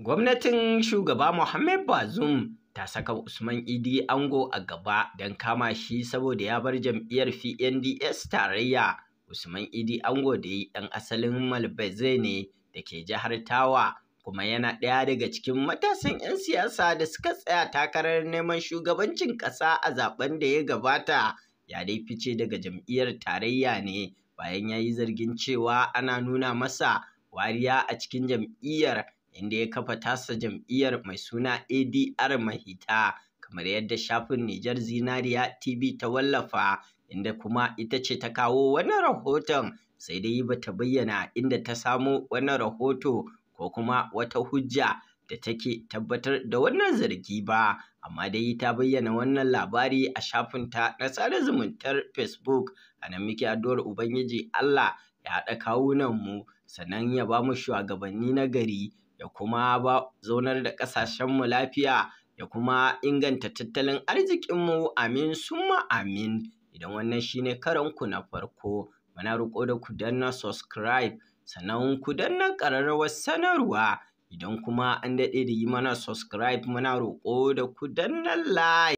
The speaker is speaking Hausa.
Gwamnatin Shugaba Mohammed Bazoum ta saka Usman Idi Ango a gaba don kama shi saboda ya bar jam'iyyar PNDS tarayya. Usman Idi Ango da yi ɗan asalin Malbaze ne da ke jihar Tawa kuma yana ɗaya daga cikin matasan 'yan siyasa da suka tsaya takarar neman shugabancin ƙasa a zaben da ya gabata. Ya dai fice daga jam'iyyar tarayya ne bayan ya yi zargin cewa ana nuna masa wariya a cikin jam'iyyar inda ya kafa tasa jam'iyyar mai suna ADR Mahita kamar yadda shafin Nijar Zinariya TV ta wallafa inda kuma ita ce ta kawo wannan rahoton sai dai ba ta bayyana inda ta samo wannan rahoto ko kuma wata hujja da take tabbatar da wannan zargi ba amma dai ta bayyana wannan labari a shafin ta na sada zumuntar facebook a nan muke addu'ar ubangiji allah ya haɗa kawunan mu sannan ya ba mu shugabanni na gari ya kuma ba zaunar da ƙasashenmu lafiya ya kuma inganta tattalin arzikinmu amin summa amin idan wannan shine karanku na farko muna roƙo da ku danna subscribe sannan ku danna ƙararrawar sanarwa idan kuma an daɗe da yi mana subscribe muna roƙo da ku danna like